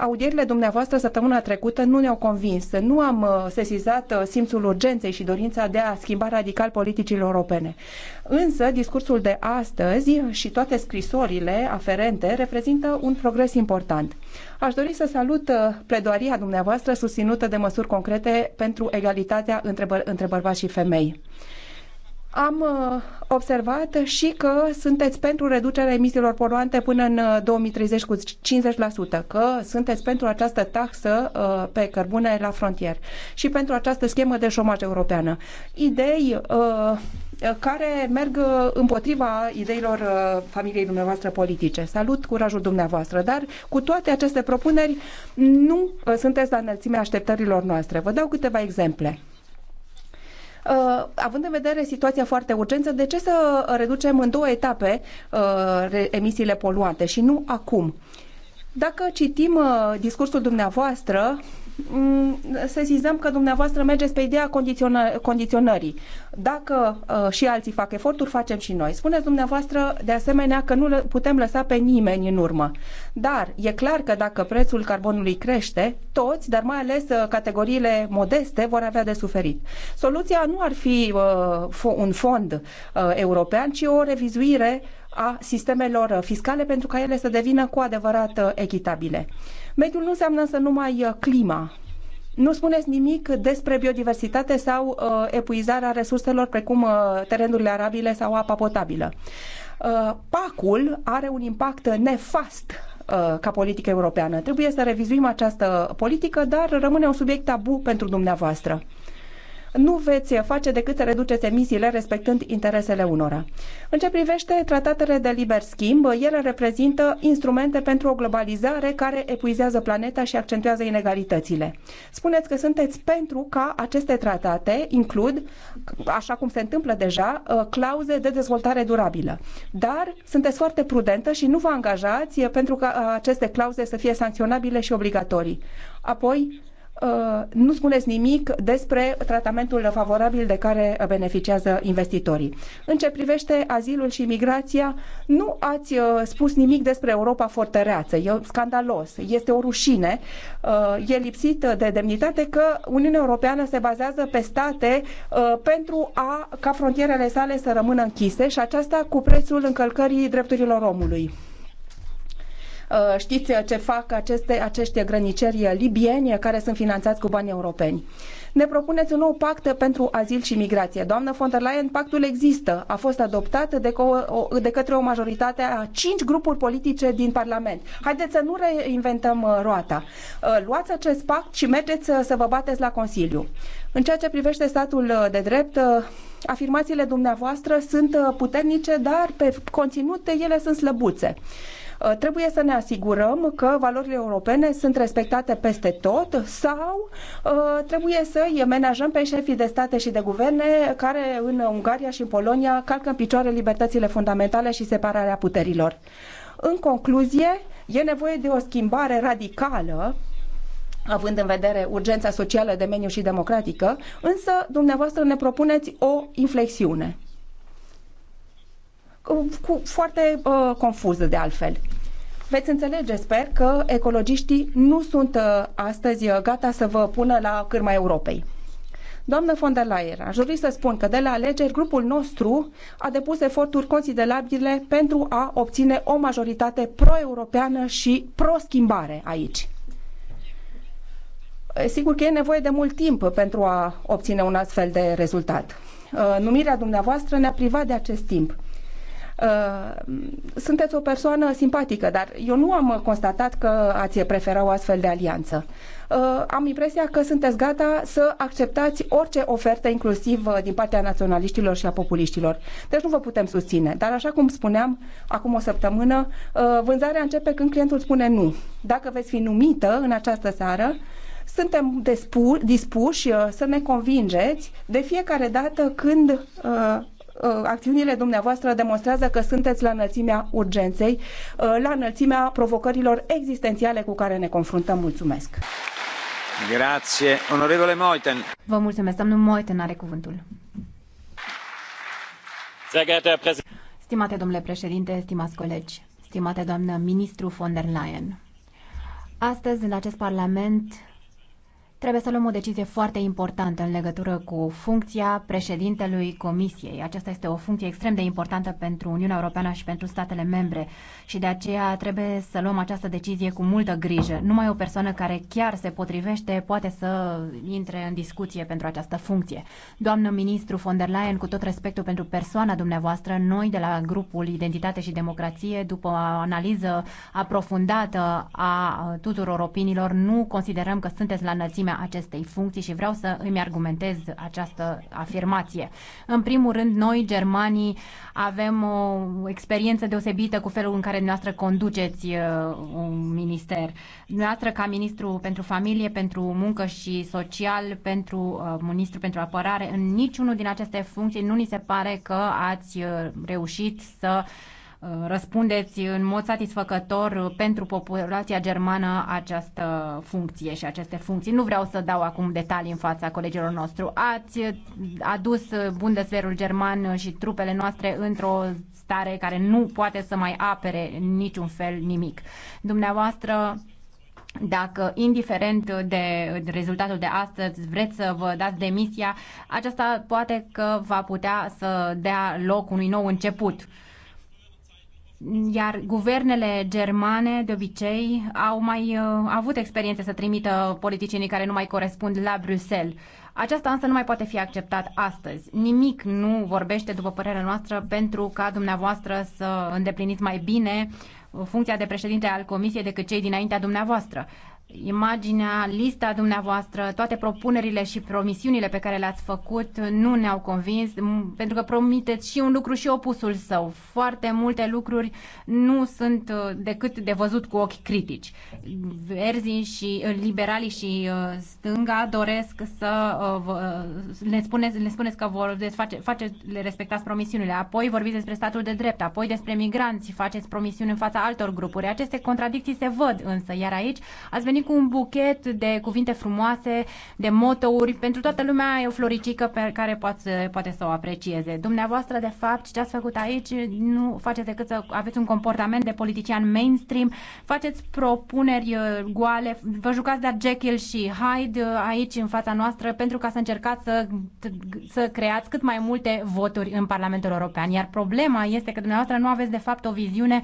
audierile dumneavoastră săptămâna trecută nu ne-au convins. Nu am uh, sesizat uh, simțul urgenței și dorința de a schimba radical politicile europene. Însă, discursul de astăzi și toate scrisorile aferente reprezintă un progres important. Aș dori să salut pledoaria dumneavoastră susținută de măsuri concrete pentru egalitatea între, bă- între bărbați și femei. Am uh, observat și că sunteți pentru reducerea emisiilor poluante până în 2030 uh, cu 50%, că sunteți pentru această taxă uh, pe cărbune la frontier și pentru această schemă de șomaj europeană. Idei care merg împotriva ideilor familiei dumneavoastră politice. Salut curajul dumneavoastră, dar cu toate aceste propuneri nu sunteți la înălțimea așteptărilor noastre. Vă dau câteva exemple Uh, având în vedere situația foarte urgentă, de ce să reducem în două etape uh, emisiile poluante și nu acum? Dacă citim uh, discursul dumneavoastră, Mm, sesizăm că dumneavoastră mergeți pe ideea condiționă, condiționării. Dacă uh, și alții fac eforturi, facem și noi. Spuneți dumneavoastră, de asemenea, că nu putem lăsa pe nimeni în urmă. Dar e clar că dacă prețul carbonului crește, toți, dar mai ales uh, categoriile modeste, vor avea de suferit. Soluția nu ar fi uh, un fond uh, european, ci o revizuire a sistemelor fiscale pentru ca ele să devină cu adevărat uh, echitabile. Uh, Mediul nu înseamnă să numai uh, clima, nu spuneți nimic despre biodiversitate sau uh, epuizarea resurselor precum uh, terenurile arabile sau apa potabilă. Uh, pacul are un impact nefast uh, ca politică europeană. Trebuie să revizuim această politică, dar rămâne un subiect tabu pentru dumneavoastră nu veți face decât să reduceți emisiile respectând interesele unora. În ce privește tratatele de liber schimb, ele reprezintă instrumente pentru o globalizare care epuizează planeta și accentuează inegalitățile. Spuneți că sunteți pentru ca aceste tratate includ, așa cum se întâmplă deja, uh, clauze de dezvoltare durabilă. Dar sunteți foarte prudentă și nu vă angajați pentru ca uh, aceste clauze să fie sancționabile și obligatorii. Apoi, Uh, nu spuneți nimic despre tratamentul favorabil de care beneficiază investitorii. În ce privește azilul și migrația, nu ați uh, spus nimic despre Europa fortăreață. E scandalos, este o rușine, uh, e lipsit de demnitate că Uniunea Europeană se bazează pe state pentru a ca frontierele sale să rămână închise și aceasta cu prețul încălcării drepturilor omului. Uh, știți ce fac aceste, acești grăniceri libieni care sunt finanțați cu bani europeni. Ne propuneți un nou pact pentru azil și migrație. Doamnă von der Leyen, pactul există. A fost adoptat de, co- de către o majoritate a cinci grupuri politice din Parlament. Haideți să nu reinventăm uh, roata. Uh, luați acest pact și mergeți să vă bateți la Consiliu. În ceea ce privește statul de drept, afirmațiile dumneavoastră sunt puternice, dar pe conținut ele sunt slăbuțe. Uh, trebuie să ne asigurăm că valorile europene sunt respectate peste tot sau uh, trebuie să îi menajăm pe șefii de state și de guverne care în Ungaria și în Polonia calcă în picioare libertățile fundamentale și separarea puterilor. În concluzie, e nevoie de o schimbare radicală având în vedere urgența socială de meniu și democratică, însă dumneavoastră ne propuneți o inflexiune. Cu, foarte uh, confuză de altfel. Veți înțelege, sper, că ecologiștii nu sunt uh, astăzi uh, gata să vă pună la cârma Europei. Doamnă von der Leyen, aș dori să spun că de la alegeri grupul nostru a depus eforturi considerabile pentru a obține o majoritate pro-europeană și pro-schimbare aici. Sigur că e nevoie de mult timp pentru a obține un astfel de rezultat. Uh, numirea dumneavoastră ne-a privat de acest timp. Uh, sunteți o persoană simpatică, dar eu nu am constatat că ați prefera o astfel de alianță. Uh, am impresia că sunteți gata să acceptați orice ofertă, inclusiv uh, din partea naționaliștilor și a populiștilor. Deci nu vă putem susține. Dar așa cum spuneam acum o săptămână, vânzarea începe când clientul spune nu. Dacă veți fi numită în această seară, suntem dispuși să ne convingeți de fiecare dată când uh, Uh, acțiunile dumneavoastră demonstrează că sunteți la înălțimea urgenței, uh, la înălțimea provocărilor existențiale cu care ne confruntăm. Mulțumesc! Grazie. Onorevole Moiten. Vă mulțumesc. Domnul Moiten are cuvântul. Stimate domnule președinte, stimați colegi, stimate doamnă ministru von der Leyen, astăzi în acest parlament Trebuie să luăm o decizie foarte importantă în legătură cu funcția președintelui Comisiei. Aceasta este o funcție extrem de importantă pentru Uniunea Europeană și pentru statele membre și de aceea trebuie să luăm această decizie cu multă grijă. Numai o persoană care chiar se potrivește poate să intre în discuție pentru această funcție. Doamnă ministru von der Leyen, cu tot respectul pentru persoana dumneavoastră, noi de la grupul Identitate și Democrație, după o analiză aprofundată a tuturor opiniilor, nu considerăm că sunteți la înălțimea originea acestei funcții și vreau să îmi argumentez această afirmație. În primul rând, noi, germanii, avem o experiență deosebită cu felul în care dumneavoastră conduceți uh, un minister. Dumneavoastră, ca ministru pentru familie, pentru muncă și social, pentru uh, ministru pentru apărare, în niciunul din aceste funcții nu ni se pare că ați uh, reușit să uh, Uh, răspundeți în mod satisfăcător uh, pentru populația germană această funcție și aceste funcții. Nu vreau să dau acum detalii în fața colegilor nostru. Ați uh, adus Bundeswehrul german și trupele noastre într-o stare care nu poate să mai apere niciun fel nimic. Dumneavoastră dacă, indiferent de rezultatul de astăzi, vreți să vă dați demisia, aceasta poate că va putea să dea loc unui nou început iar guvernele germane, de obicei, au mai uh, avut experiențe să trimită politicienii care nu mai corespund la Bruxelles. Aceasta însă nu mai poate fi acceptat astăzi. Nimic nu vorbește, după părerea noastră, pentru ca dumneavoastră să îndepliniți mai bine funcția de președinte al Comisiei decât cei dinaintea dumneavoastră imaginea, lista dumneavoastră, toate propunerile și promisiunile pe care le-ați făcut nu ne-au convins, pentru că promiteți și un lucru și opusul său. Foarte multe lucruri nu sunt uh, decât de văzut cu ochi critici. Verzii și uh, liberalii și uh, stânga doresc să le spuneți, le spuneți că vor desface, face, le respectați promisiunile, apoi vorbiți despre statul de drept, apoi despre migranți, faceți promisiuni în fața altor grupuri. Aceste contradicții se văd însă, iar aici ați venit cu un buchet de cuvinte frumoase, de motouri. Pentru toată lumea e o floricică pe care poate, poate să o aprecieze. Dumneavoastră, de fapt, ce ați făcut aici nu faceți decât să aveți un comportament de politician mainstream, faceți propuneri uh, goale, vă jucați de Jekyll și Hyde uh, aici în fața noastră pentru ca să încercați să, să creați cât mai multe voturi în Parlamentul European. Iar problema este că dumneavoastră nu aveți, de fapt, o viziune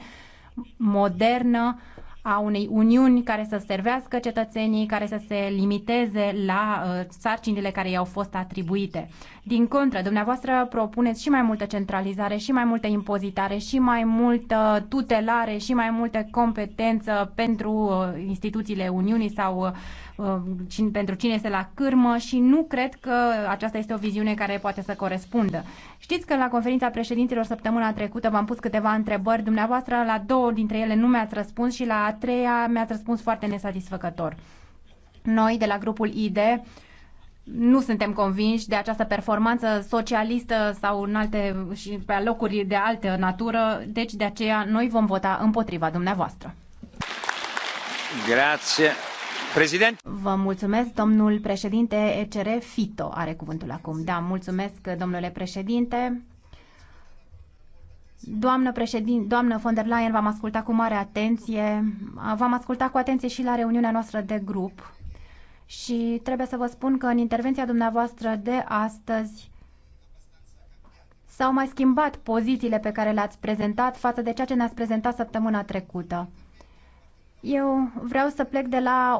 modernă a unei uniuni care să servească cetățenii, care să se limiteze la uh, sarcinile care i-au fost atribuite. Din contră, dumneavoastră propuneți și mai multă centralizare, și mai multă impozitare, și mai multă tutelare, și mai multă competență pentru uh, instituțiile Uniunii sau uh, uh, pentru cine este la cârmă și nu cred că aceasta este o viziune care poate să corespundă. Știți că la conferința președinților săptămâna trecută v-am pus câteva întrebări, dumneavoastră la două dintre ele nu mi-ați răspuns și la a treia mi-ați răspuns foarte nesatisfăcător. Noi de la grupul IDE nu suntem convinși de această performanță socialistă sau în alte și pe locuri de altă natură, deci de aceea noi vom vota împotriva dumneavoastră. Grazie. President. Vă mulțumesc, domnul președinte ECR Fito are cuvântul acum. Da, mulțumesc, domnule președinte. Doamnă, președin, doamnă von der Leyen, v-am ascultat cu mare atenție. V-am ascultat cu atenție și la reuniunea noastră de grup și trebuie să vă spun că în intervenția dumneavoastră de astăzi s-au mai schimbat pozițiile pe care le-ați prezentat față de ceea ce ne-ați prezentat săptămâna trecută. Eu vreau să plec de la un